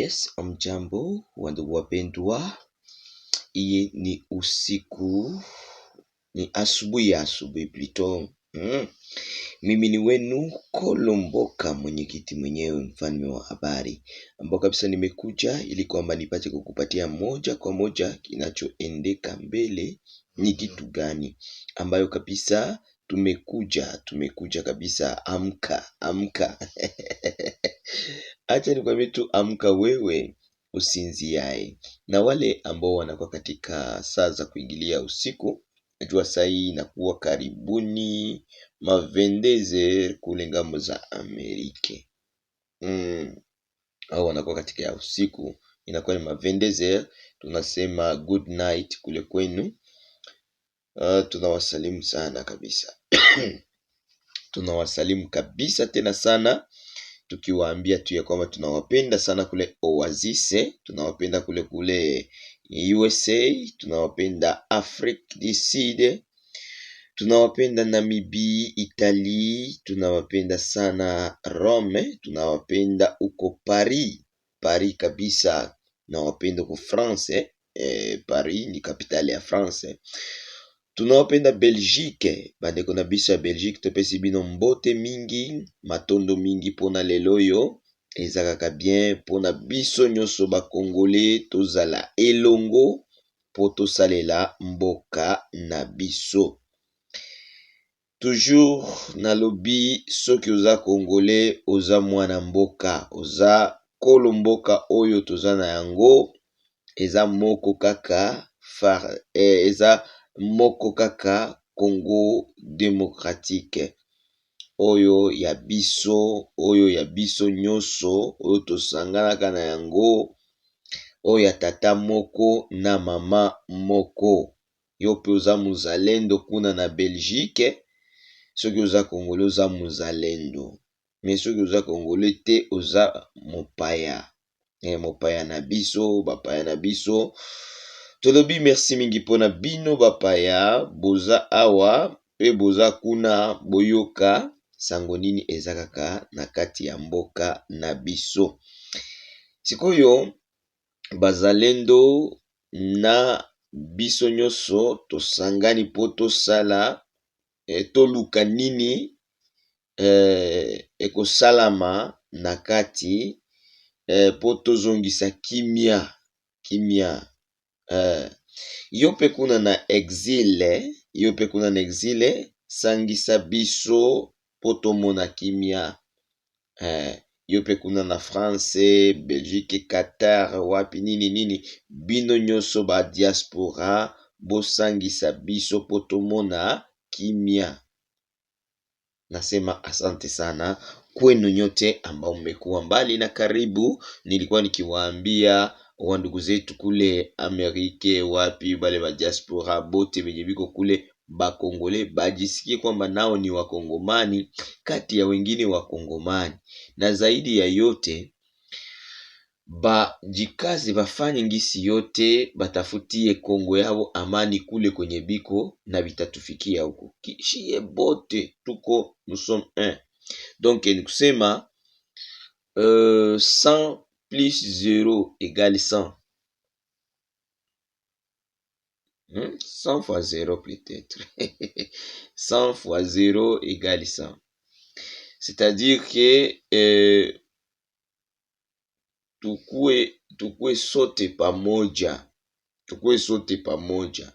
Yes, hamjambo wandugu wapendwa, hii ni usiku, ni asubuhi ya asubuhi plito mm. Mimi ni wenu Kolomboka, mwenyekiti mwenyewe, mfalme wa habari, ambao kabisa nimekuja ili kwamba nipate kukupatia moja kwa moja kinachoendeka mbele ni kitu gani ambayo kabisa Tumekuja, tumekuja kabisa, amka, amka. Acha nikwambie tu amka wewe usinziae. Na wale ambao wanakuwa katika saa za kuingilia usiku, najua saa hii inakuwa karibuni mavendeze kule ngambo za Amerike. Mm. Au wanakuwa katika ya usiku, inakuwa ni mavendeze, tunasema good night kule kwenu. Ah, tunawasalimu sana kabisa tunawasalimu kabisa tena sana tukiwaambia tu ya kwamba tunawapenda sana kule Oasise, tunawapenda kule kule USA, tunawapenda Afrique du Sud, tunawapenda namibi itali tunawapenda sana Rome, tunawapenda uko Paris, Paris kabisa, nawapenda uko France eh, Paris ni kapitali ya France Tunawapenda belgique bandeko na biso ya belgique topesi bino mbote mingi matondo mingi mpona lelo oyo ezalaka bien mpona biso nyonso bakongole tozala elongo po tosalela mboka na biso toujours nalobi soki oza congole oza mwana mboka oza kolo mboka oyo toza na yango eza moko kaka eh, eza moko kaka congo démocratique oyo ya biso oyo ya biso nyonso oyo tosanganaka na yango oyo ya tata moko na mama moko yo mpe oza mozalendo kuna na belgique soki oza congole oza mozalendo me soki oza congole te oza mopaya eh, mopaya na biso bapaya na biso tolobi merci mingi mpona bino bapaya boza awa mpe boza kuna boyoka sango nini eza kaka na kati ya mboka na biso sikoyo bazalendo na biso nyonso tosangani mpo tosala e, toluka nini e, ekosalama na kati e, mpo tozongisa kimia kimia Eh, yo mpe kuna na exile yo mpe kuna na exile sangisa biso mpo tomona kimia eh, yo mpe kuna na france belgique qatar wapi nini nini bino nyonso badiaspora bosangisa biso mpo tomona kimia nasema asante sana kwenu nyote ambao mmekuwa mbali na karibu nilikuwa nikiwaambia wa ndugu zetu kule Amerike, wapi wale wa diaspora bote wenye biko kule bakongole bajisikie kwamba nao ni wakongomani kati ya wengine wakongomani, na zaidi ya yote bajikazi bafanye ngisi yote batafutie Kongo yao amani kule kwenye biko na vitatufikia huko kishie bote tuko nous sommes un. Donc ni kusema uh, sans plus 0 égale 100. Hmm? 100 fois 0 peut-être. 100 fois 0 égale 100. C'est-à-dire que eh, tukue, tukue sote pamoja. Tukue sote pamoja.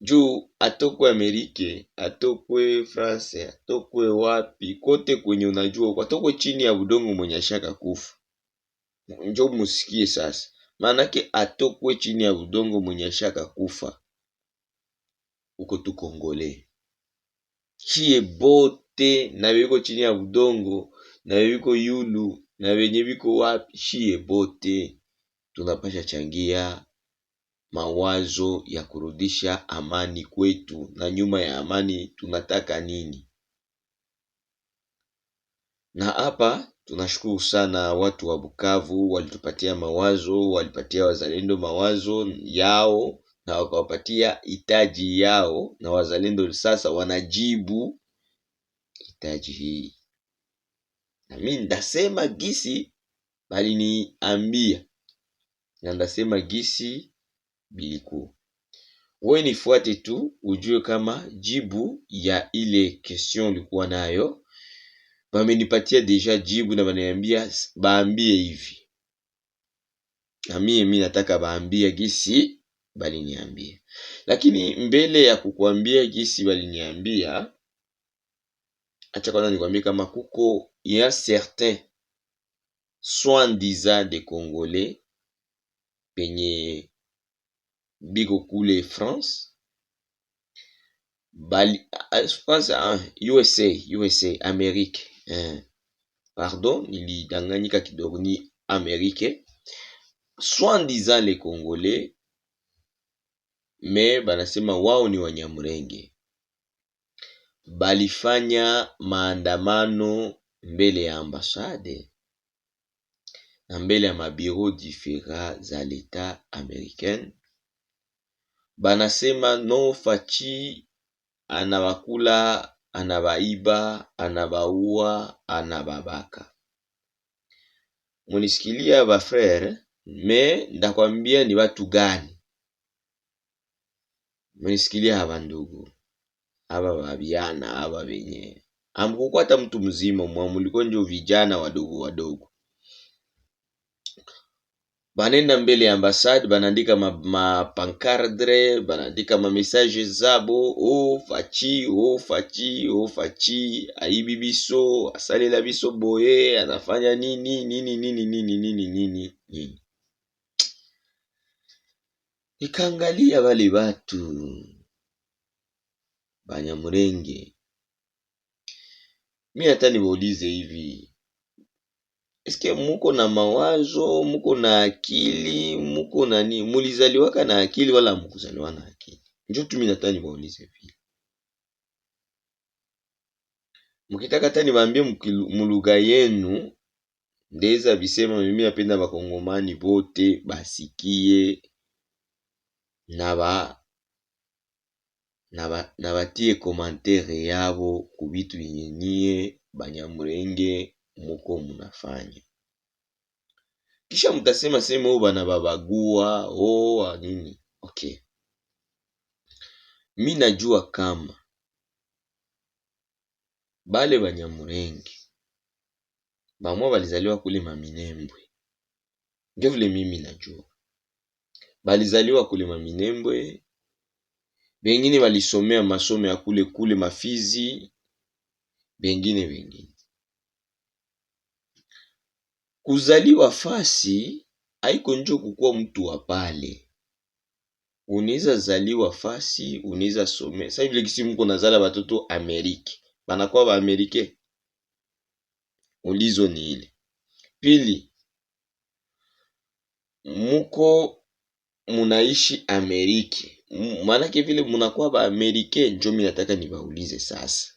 Juu atokwe Amerika, atokwe France, atokwe wapi, kote kwenye unajua, atokwe chini ya udongo mwenye ashaka kufa Njo musikie sasa, maanake atokwe chini ya udongo mwenye shaka kufa uko tu Kongole chie bote na biko chini ya udongo na biko yulu na benye biko wapi, chie bote tunapasha changia mawazo ya kurudisha amani kwetu, na nyuma ya amani tunataka nini? Na hapa tunashukuru sana watu wa Bukavu, walitupatia mawazo, walipatia wazalendo mawazo yao na wakawapatia hitaji yao, na wazalendo sasa wanajibu hitaji hii. Nami ndasema gisi baliniambia na ndasema gisi biliku wewe, nifuate tu ujue kama jibu ya ile question ulikuwa nayo Wamenipatia deja jibu na wananiambia baambie hivi, na mie mi nataka baambie gisi baliniambia. Lakini mbele ya kukuambia gisi baliniambia, acha kwanza nikwambie kama kuko ya certain soi disa de Congolais penye biko kule France bali, France, ah, ah, ah, USA, USA amerika Eh, pardon nilidanganyika kaka kidogo ni amerike soi-disant les congolais me banasema wao ni wanyamrenge balifanya maandamano mbele ya ambasade na mbele ya mabiro difera za leta americaine banasema no fachi anawakula anabaiba, anabaua, anababaka. Munisikilia bafrere, me ndakwambia ni watu gani. Munisikilia haba ndugu, haba babiana, haba benye hamkukwata mtu mzima, mwa muliko njo vijana wadogo wadogo banenda mbele ya ambasade banaandika mapancadre ma banaandika mamessage zabo o fachi o fachi o fachi aibi biso asalela biso boye anafanya nini nini nini nini nini nini nini ikangalia wale watu banyamurenge mi hata nibaulize hivi eske muko na mawazo, muko na akili, muko na Mulizaliwaka na akili wala mukuzaliwa na akili? Njo tu mimi nataka niwaulize vile, mukitaka tani bambie mulugha yenu ndeza bisema. Mimi napenda bakongomani bote basikie na ba na batie komantere yabo kubitu yenye banyamurenge muko mnafanya kisha mtasema sema o oh, babagua o oh, ah, nini okay mi najua kama bale banyamurenge bamwa balizaliwa kule maminembwe ndio vile mimi najua balizaliwa kule maminembwe bengine balisomea masomo ya kule kule mafizi bengine bengine Kuzaliwa fasi haiko njo kukuwa mtu wa pale, unaweza zaliwa fasi, unaweza some Sasa hivi kisi mko nazala batoto Amerike, banakuwa ba Amerike. Ulizo ni ile. Pili, muko munaishi Amerike, maanake vile munakuwa ba Amerike njo mimi nataka nibaulize sasa,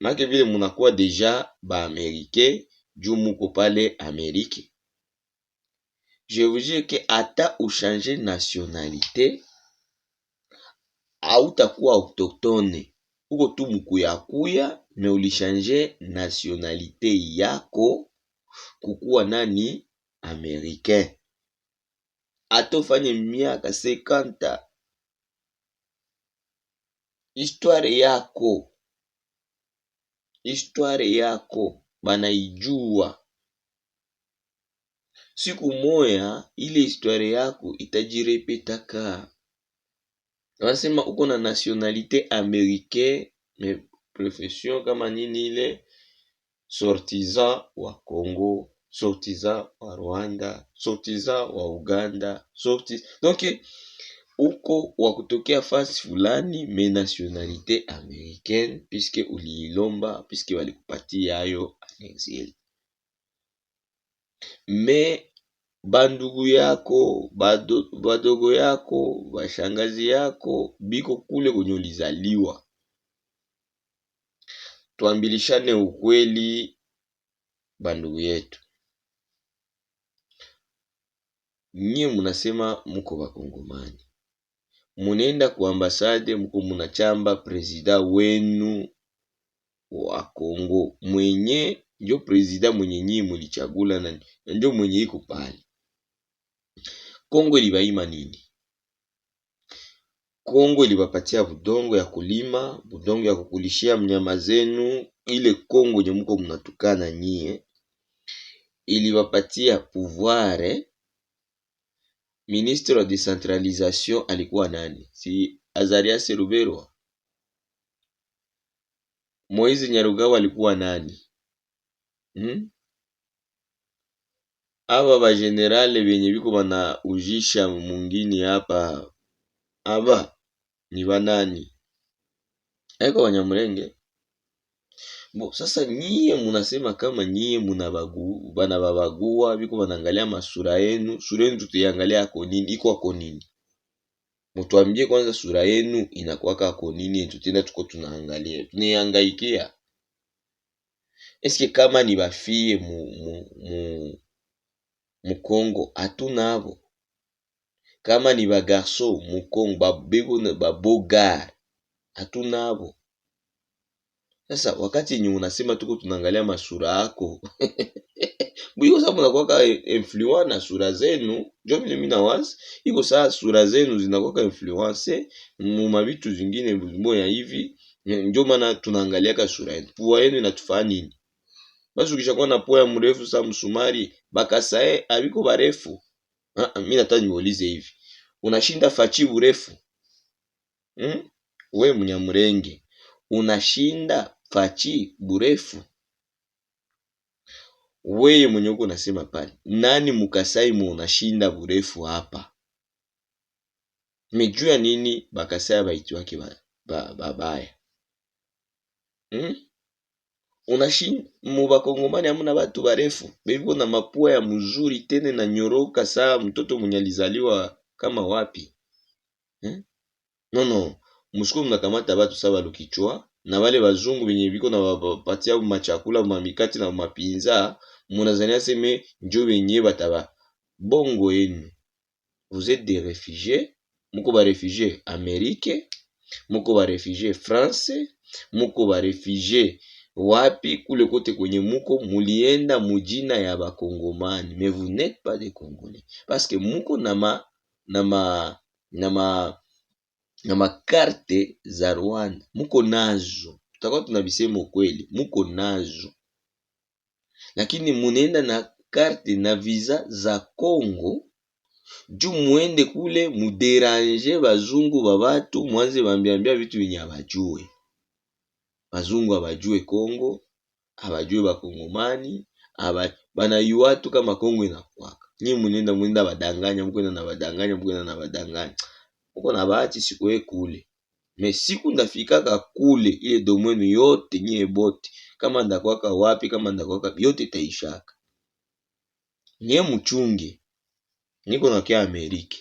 maanake hmm? vile munakuwa deja ba Amerike juu muko pale Amerika. Je vous dire ke hata ushange nationalite hautakuwa autoktone, uko tu mukuyakuya me ulishanje nationalité yako kukuwa nani Americain. Atofanye miaka sekanta, histoire yako, histoire yako banaijua. Siku moya ile historia yako itajirepetaka. Wanasema uko na nationalite americaine me profession kama nini ile sortiza wa Congo, sortiza wa Rwanda, sortiza wa Uganda, sorti donc uko wa kutokea fasi fulani me nationalite americaine, puisque uliilomba, puisque walikupatia hayo exil me bandugu yako badogo yako bashangazi yako biko kule kwenye ulizaliwa tuambilishane ukweli bandugu yetu nyie munasema muko bakongomani munenda ku ambasade muko munachamba presida wenu wa Kongo mwenye ndio prezida mwenye nyi mulichagula na, ndio mwenye iko pale. Kongo ilibaima nini? Kongo ilibapatia budongo ya kulima, budongo ya kukulishia mnyama zenu, ile Kongo nye muko mnatukana nyie. Ilibapatia pouvoir. Ministre wa decentralisation alikuwa nani? Si Azarias Ruberwa? Moizi Nyarugawa alikuwa nani? Hmm? Aba venye viko biko ujisha mungini hapa aba ni banani aiko Banyamulenge bo sasa, nyie munasema kama nyie bana babagua biko banaangalia masura yenu, sura yenu tutiangalia ako nini, iko ako Mutwambie kwanza sura yenu inakwaka konini nini, tutenda tuko tunaangalia tunaiangaikia Esike kama bafie mu Congo hatunabo? Kama ni ba garso mu Congo ba bogare hatunabo? Sasa wakati yenye unasema tuko tunaangalia masura yako buiko sababu nakwaka influence na sura zenu, njo vile mimi nawaza iko saa sura zenu zinakwaka influence muma vitu zingine boya hivi, njo maana tunaangaliaka sura yenu. Pua yenu inatufaa nini? Basi ukishakuwa na pua ya mrefu sa msumari bakasae abiko barefu. Ah, ah, mimi nataka niulize hivi, unashinda fachi urefu hmm? We mnyamurenge unashinda fachi burefu. Weye mwenye uko nasema pale, nani mukasai mu unashinda burefu hapa? ya nini bakasai baitiwake babaya ba, ba, ba. hmm? Unashinda batu barefu beko na mapua ya mzuri tene na nyoroka saa mtoto mwenye alizaliwa kama wapi hmm? Nono, Muskulu mnakamata batu sa balukichwa na bale bazungu benye biko na bapatia machakula mamikati na mapinza, munazania seme njo benye bataba bongo yenu. Vous êtes des réfugiés, muko ba réfugié Amerike, muko ba réfugié France, muko ba réfugié wapi kule kote kwenye muko mulienda mujina ya bakongomani, mais vous n'êtes pas des congolais parce que muko na ma na ma na ma na makarte za Rwanda muko nazo, tutakuwa tunavisema ukweli, muko nazo, lakini munaenda na karte na visa za Congo juu muende kule muderange bazungu ba batu, mwanze bambiambia vitu vyenye abajue. Bazungu abajue Congo, abajue bakongomani aba banayua tu kama Kongo inakwaka. Nyi munenda munenda badanganya, mukwenda na badanganya, mukwenda na badanganya uko na bahati siku ye kule me siku ndafikaka kule ile domwenu yote nyie bote kama ndakwaka wapi kama ndakwaka yote taishaka nye mchunge niko nakia ameriki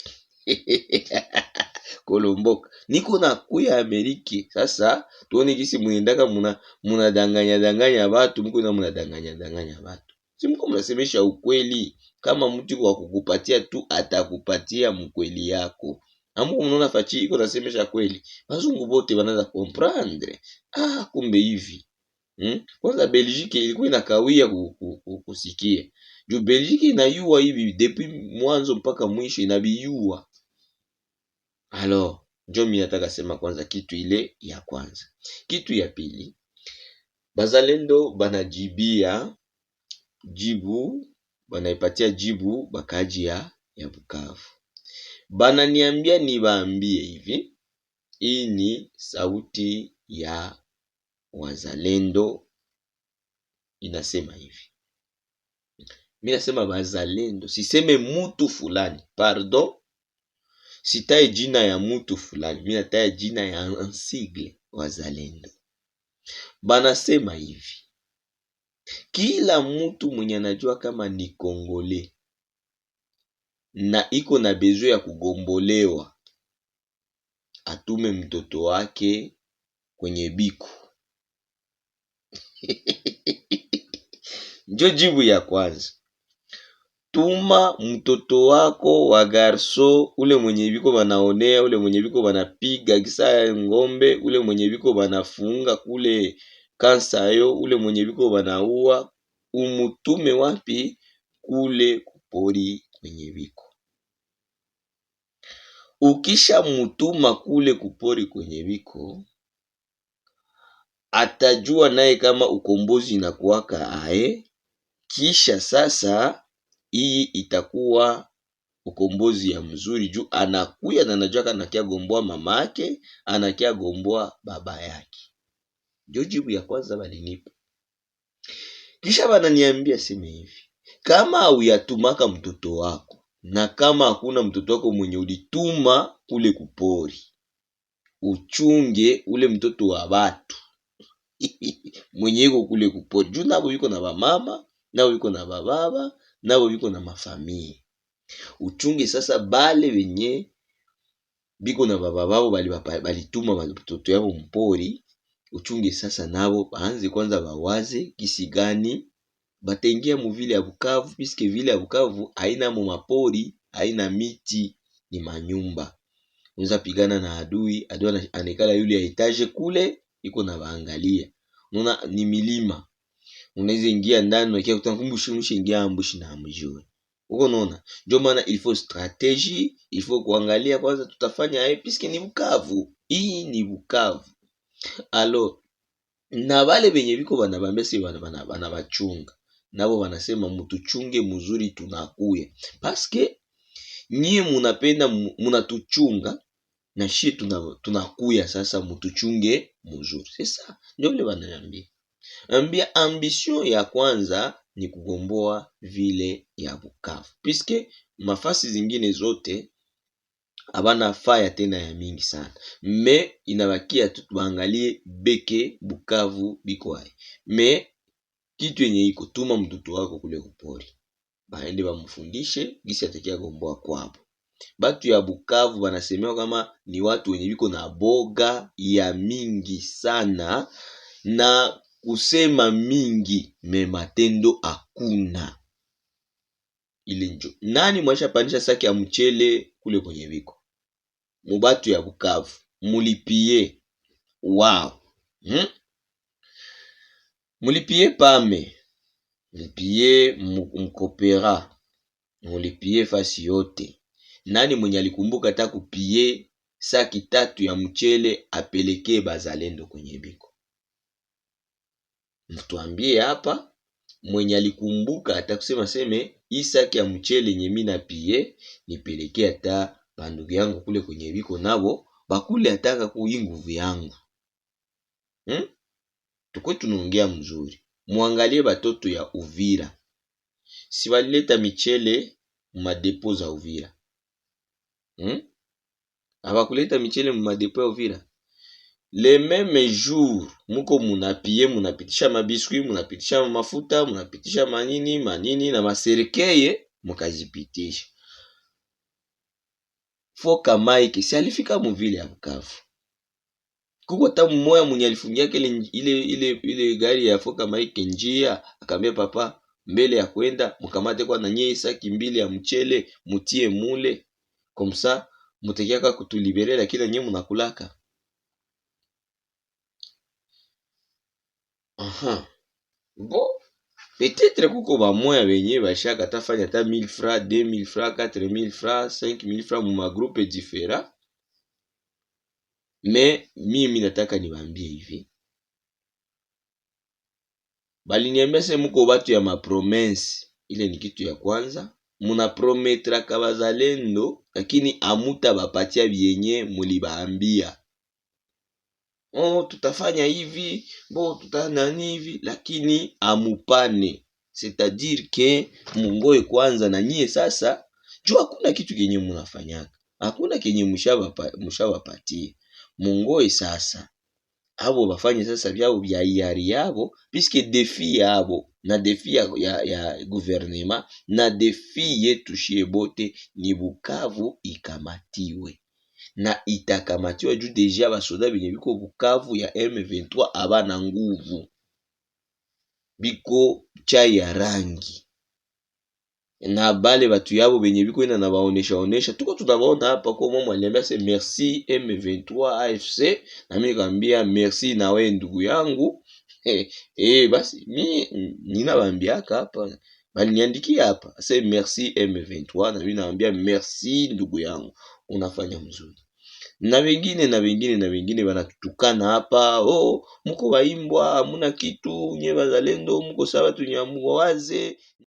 kolomboka niko nakuya ameriki sasa tuone kisi mwenendaka muna muna danganya watu mko na muna danganya batu si mko mnasemesha ukweli kama mtu wa kukupatia tu atakupatia mkweli yako amu unaona iko nasemesha kweli, bazungu bote wanaanza comprendre ah, kumbe hivi hmm? Kwanza Belgique ilikuwa inakawia kusikia ju Belgique inayua hivi depuis mwanzo mpaka mwisho inabiyua. Alo njo mimi nataka sema kwanza kitu ile ya kwanza. Kitu ya pili, bazalendo banajibia jibu, banaipatia jibu bakaji ya ya Bukavu Bananiambia niwaambie hivi, hii ni sauti ya wazalendo inasema hivi. Mi nasema wazalendo, siseme mutu fulani, pardon, sitaye jina ya mutu fulani, mi nataye jina ya ansigle wazalendo. Banasema hivi, kila mutu mwenye anajua kama ni Kongole na iko na besoin ya kugombolewa atume mtoto wake kwenye biko njo jibu ya kwanza tuma mtoto wako wa garso ule mwenye biko banaonea ule mwenye biko banapiga kisa ngombe ule mwenye biko banafunga kule kansayo ule mwenye biko banaua umutume wapi kule kupori kwenye biko ukisha mutuma kule kupori kwenye viko atajua naye kama ukombozi kuwaka ae, kisha sasa hii itakuwa ukombozi ya mzuri juu anakuya na anajua anakia gomboa mama yake, anakia gomboa baba yake. Ndio jibu ya kwanza balinipa. Kisha bananiambia sema hivi, kama auyatumaka mtoto wako na kama hakuna mtoto wako mwenye ulituma kule kupori, uchunge ule mtoto wa batu mwenye iko kule kupori, juu nabo yuko na bamama, nabo yuko na bababa, nabo yuko na mafamii. Uchunge sasa bale benye biko na baba babo balituma mtoto yabo mpori, uchunge sasa nabo baanze kwanza bawaze kisi gani bataingia muvile ya Bukavu, piske vile ya Bukavu haina mu mapori, haina miti, ni manyumba. Unaweza pigana na adui, adui anekala yule ya etage kule iko na baangalia. Unaona ni milima. Unaweza ingia ndani na kia kutangumbu mshi ingia ambushi na amjue. Uko unaona? Ndio maana il faut strategie, il faut kuangalia kwanza tutafanya hapi piske ni Bukavu. Hii ni Bukavu. Alo, na wale benye biko banabambia si banabachunga nabo wanasema mutuchunge muzuri tunakuya, paske nyie munapenda munatuchunga na shie tunakuya, sasa mutuchunge muzuri. Sasa ndio vile wananiambia ambia, ambition ya kwanza ni kugomboa vile ya Bukavu, piske mafasi zingine zote abana faya tena ya mingi sana me inabakia tu tuangalie beke Bukavu biko me kitu yenye iko tuma mtoto wako kule kupori, baende bamfundishe gisi atakia gomboa kwabo. Batu ya Bukavu banasemewa kama ni watu wenye biko na boga ya mingi sana na kusema mingi me matendo hakuna. ili njo nani mwaisha pandisha saki ya mchele kule kwenye biko mubatu ya Bukavu, mulipie wao hmm? mulipie pame, mpie mkopera, mulipie fasi yote. Nani mwenye alikumbuka ta kupie saki tatu ya mchele apelekee bazalendo kwenye biko? Mtuambie hapa mwenye alikumbuka hata kusema seme hii saki ya mchele nye mimi napie nipelekee hata bandugu yangu kule kwenye biko, nabo bakule ataka kuinguvu yangu hmm? tuko tunaongea mzuri, muangalie batoto ya Uvira, si balileta michele mumadepo za Uvira hmm? Abakuleta michele mumadepo ya Uvira le meme jour muko munapie munapitisha mabiswi munapitisha mafuta munapitisha manini manini na maserekeye mukazipitisha foka Mike si alifika muvile ya Bukavu kuko ta mmoya mwenye alifungiaka ile, ile, ile, ile gari ya foka Mike njia, akamwambia papa, mbele ya kwenda mkamate kwa nanye saki mbili ya mchele mutie mule komsa mutekiaka kutulibere, lakini nanye munakulaka aha bo Peut-être kuko moya benye bashaka tafanya ta 1000 francs 2000 francs 4000 francs 5000 francs mu magroupe different Me mimi nataka niwaambie hivi, baliniambia muko batu ya mapromensi, ile ni kitu ya kwanza. Munaprometraka bazalendo, lakini amuta bapatia byenye mulibaambia. Oh, tutafanya hivi bo tutanani hivi, lakini amupane, setadire ke mungoe kwanza na nyie sasa, juu hakuna kitu kenye munafanyaka, hakuna kenye mushabapatie mungoye sasa abo bafanye sasa byabo bya hiari yabo piske defi yabo na defi ya, ya, ya guvernema na defi yetu shie bote ni Bukavu ikamatiwe na itakamatiwa juu deja basoda benye biko Bukavu ya M23 abana nguvu biko chai ya rangi na bale batu yabo benye biko ina na baonesha onesha, tuko tunabaona hapa kwa mama aliambia se merci M23 AFC, na mimi nikamwambia merci na wewe ndugu yangu eh, eh, basi mi ninawaambiaka hapa baliniandikia hapa se merci M23, na mimi naambia merci ndugu yangu, unafanya mzuri na wengine na wengine na wengine wanatutukana hapa, oh, mko waimbwa, hamuna kitu nye wazalendo, mko sawa tunyamuwawaze